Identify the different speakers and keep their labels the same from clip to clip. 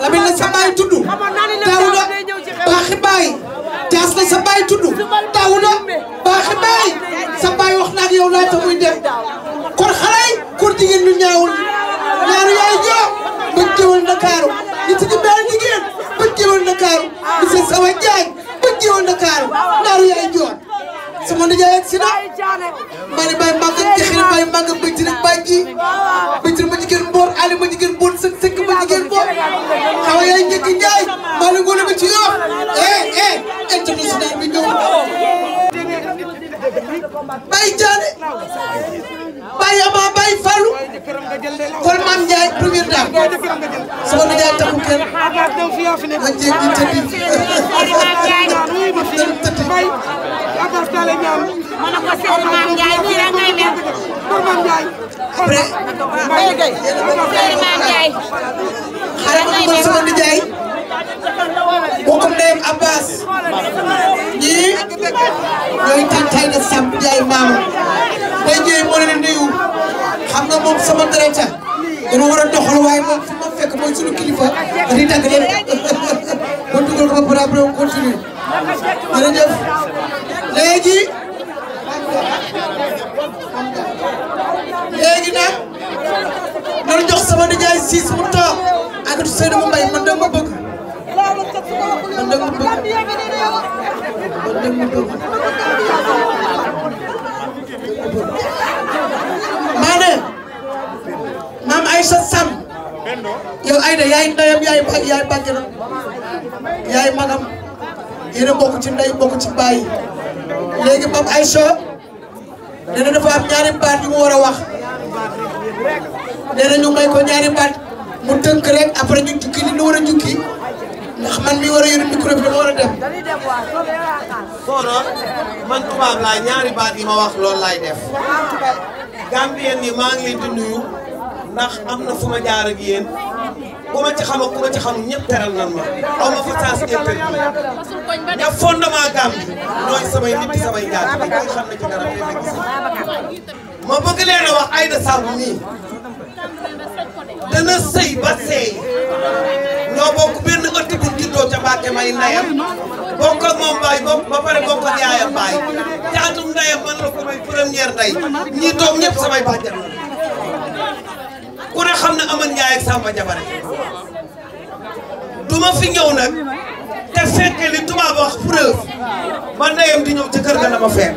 Speaker 1: Lamine la sa baay tudd Daouda baay Dias la sa baay tudd Daouda baay sa wax na ak yow laata muy dem
Speaker 2: kon xale yi kon jigéen ñu ñaawul yaay joo ba jëwal Ndakaaru ñu ci benn jigéen ba jëwal Ndakaaru monsieur Sawa Diagne ba yaay joo sama nijaay ak si na ma ne bay màgg ak jaxir bay màgg ak bëj ci bay ji xawa yaay njëkk njaay maa ngi wóolu bi ci yoo eh eh
Speaker 1: international bi ñëw bay jaane
Speaker 2: bay ama bay falu kon maam Njaay première dame sama na jaay taxu kenn ma jéeg ñi tëddi dem tëddi
Speaker 1: après
Speaker 2: ak Cheikh Ndiaye maama tey jii moo leen nuyu xam nga moom sama traité dañoo war a doxal waaye moom fu ma fekk mooy
Speaker 1: sunu kilifa dañuy tàgg leen ba dugal ko ba pare on continue
Speaker 2: jërëjëf léegi léegi nag man jox sama nijaay siis mu toog
Speaker 1: ak Seydou nag mu dëgg man Sam yow Aïda ndeyam yaay yaay bàjjanam yaay magam yéen a bokk ci ndey bokk ci baay léegi maam Aïssa nee na dafa am ñaari baat yu mu war a wax nee na ñu ko ñaari baat mu tënk rek
Speaker 2: après ñu jukki li ñu war jukki mi a yëngu a
Speaker 1: dem.
Speaker 2: konoon man tubaab laa ñaari baat yi ma wax loolu laay def. Gambien yi maa ngi leen di nuyu ndax am na fu ma jaar ak yéen ku ma ci xam ak ku ma ci xamul ñëpp teral nan ma aw ma fa taas interview
Speaker 1: ña fondement Gambie ñooy samay nit samay jaar ba
Speaker 2: ma bëgg leen a wax Aïda Samb nii dana sëy ba seey ñoo bokk benn juddoo ca Mbàkke may ndeyam
Speaker 1: bokk moom baay bokk yaayam baay jaatum
Speaker 2: ndeyam man la ko may première ndey ñii doom ñëpp samay bàjjan la ku ne xam ne aman Njaay ak Samba Jabare duma fi ñëw nag te fekke li tubaab wax preuve ma ndeyam di ñëw ci kër ga la ma fekk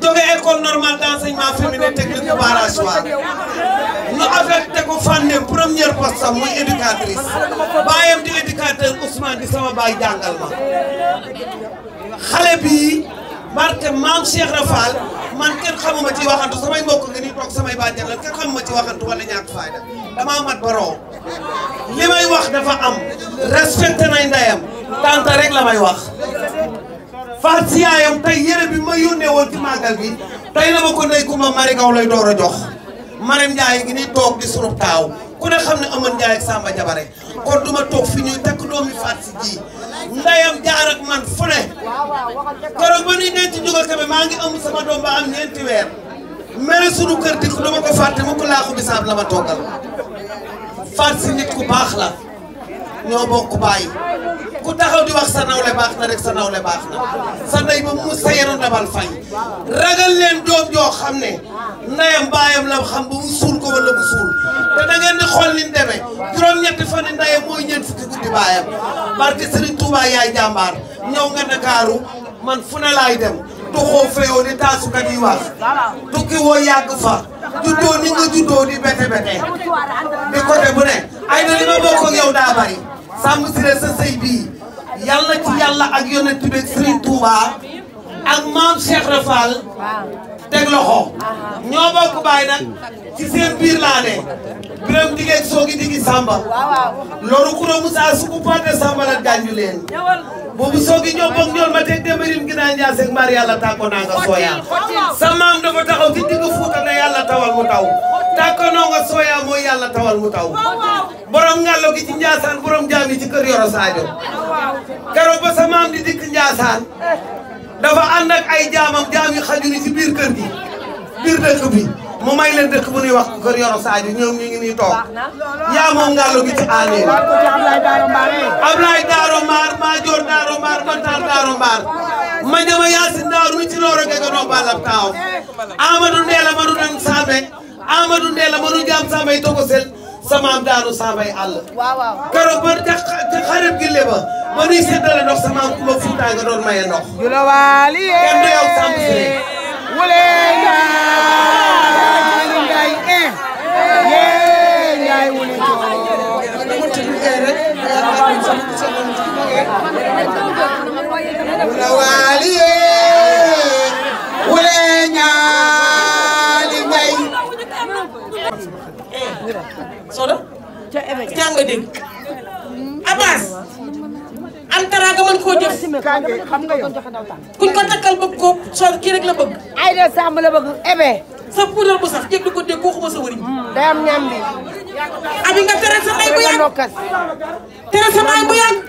Speaker 2: jóge école normale d'enseignement féminin technique bu Bara Soir ñu affecté ko fànne première baay jàngal ma xale bi barke maam Cheikh Rafal man kenn xamuma ci waxantu samay mbokk nga ni toog ci waxantu wala ñàkk fayda damaa mat li may wax dafa am respecté nay ndeyam tànta rek la may wax faat si yaayam tey yére bi ma yónnee woon ci màggal bi tey la ma ko ndey ma mari lay door a jox Marème Ndiaye ngi ni toog di sunu taaw ku ne xam ne Amane Ndiaye ak Samba Jabare kon duma toog fi ñuy takk doomi faat si ji ndayam jaar ak man fu ne ba nuy denc jógal kebe maa ngi am sama doom ba am ñeenti weer mere sunu kër dikk duma ko fàtte mu ko laaxu bisaab la ma toggal faat si nit ku baax la ñoo bokk bàyyi ku taxaw di wax sa baax na rek sa baax na sa ndey mu sa yaram dabal fay ragal joo xam ne ndeyam baayam la xam ba mu suul ko wala mu suul te da ngeen di xool ni demee juróom-ñetti fan yi ndeyam mooy ñeent fukki guddi baayam barke Serigne Touba yaay jàmbaar ñëw nga Ndakaaru man fu ne laay dem tuxoo feyoo di taasukat yi wax tukki woo yàgg fa juddoo ni nga juddoo di bete bete di côté bu ne ay na li ma bokk yow daa bari Samb Siré sa sëy bii ci yàlla ak yonent bi Serigne Touba ak maam Cheikh Rafal teg loxo ñoo bokk bàyyi nag ci seen biir laa ne biram diggeeg soogi digi Samba loolu kuro Moussa suku porte Samba la gàññu leen boobu soogi ñoo bokk ñool ma teg démbarim ginaa njaas ak mari yàlla tàggoo naa nga sooyaa sa maam dafa taxaw ci digg Fuuta ne tawal mu taw tàggoo naa nga sooyaa mooy yàlla tawal mu taw borom ngàllo gi ci Njaasaan borom jaam i ci kër Yoro Sadio keroog ba sa maam di dikk dafa ànd ay jaamam jaam yu xajuni ci biir kër gi biir dëkk bi mu may leen dëkk bu ñuy wax kër Yoro Sadio ñoom i ngi nii toog yaa moom ngàllo gi ci aaneen Ablaye Daaro Mbaar Maajoor Daaro Mbaar Bantaal Daaro Mbaar ma jama Yaasin Daaro mi ci looro gege noo balab taaw Amadou Ndeela manu nañ Sambe Amadou Ndeela manu jaam Sambe togo maam daanu saabay àll. waaw waaw keroog ba te xarit gi leba ba nuy séddale ndox sama maam ku ma fuutaa nga doon maye ndox. julawaali yee kenn du yow sàmm si rek. wulee Ndiaye Ndiaye eh. yee Ndiaye wuli joo. julawaali yee wulee Ndiaye Ndiaye.
Speaker 1: Soda. ca Eva nga dégg. Abass. am teraanga mën koo jëf. xam nga yow. ko takkal bëgg ko soo la bëgg. Aïda Samb la bëgg Eva. sa puudar bu sax jéggi ko dégg ko waxuma sa wëriñ. Mm, day am ñam bi. abi nga tere sa bu yàgg tere sa may bu yàgg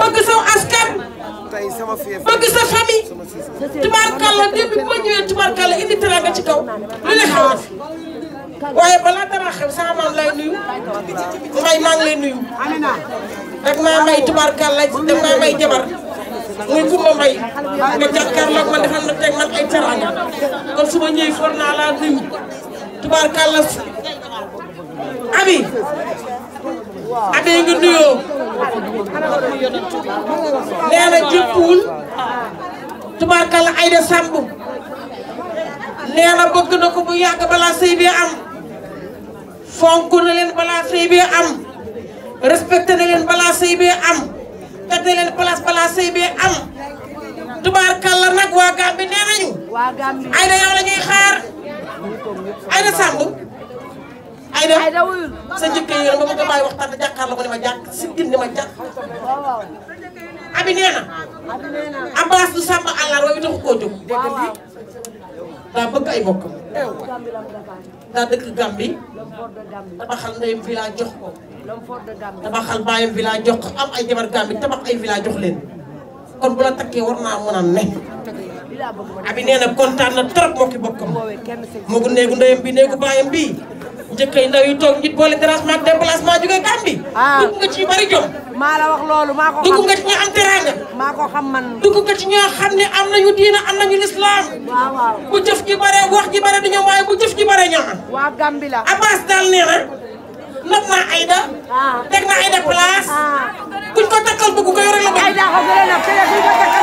Speaker 1: bëgg saw askan bëgg sa famille tubaarkàlla depuis bi ma ñëwee tubaarkàlla indi teraanga ci kaw lu ne xawaat waaye balaa dara xew maam lay nuyu may maa lay nuyu rek maa may tubaarkàlla dem maa may jabar muy Kumba Mbay nga jàkkaarloog man defal na teg man ay teraanga kon su ma ñëwee for naa laa nuyu tubaarkàlla abi abi nga nuyoo nee nee na bëgg na ko bu yàgg balaa sëy bi am fonk na leen balaa sëy bee am respecté na leen balaa sëy bee am teg leen place balaa sëy bee am tubaarkàlla nag waa Gàmbi nee nañu Aïda yow la ñuy xaar Aïda Samb Aïda sa njëkkee yoon ba ma ko bàyyi waxtaan ma jàkk si gin nee na Abbas du Samba àllar wa bi taxu koo jóg daa dëkk Gambie tabaxal ndeyam villa jox ko tabaxal baayam villa jox ko am ay jabar Gambie tabax ay villa jox leen kon bu la takkee war naa mën a ne abi nee na kontaan na trop moo ki bokkam moo gu néegu ndeyam bi néegu baayam bi njëkk yi ndaw yi toog nit boole dérangement déplacement jóge Gambie. ah dugg nga ci yu bari jom. maa la wax loolu maa ko am teraanga. maa ko xam man. am nañu diina am nañu lislaam. waaw waaw bu jëf ji bare wax ji bare du ñoom waaye bu jëf ji bare ñoo am. waa Gambie la. Abbas daal nee na nopp naa Aïda. ah teg naa Aïda place. ah buñ ko takkal bëgg ko a la. Aïda xam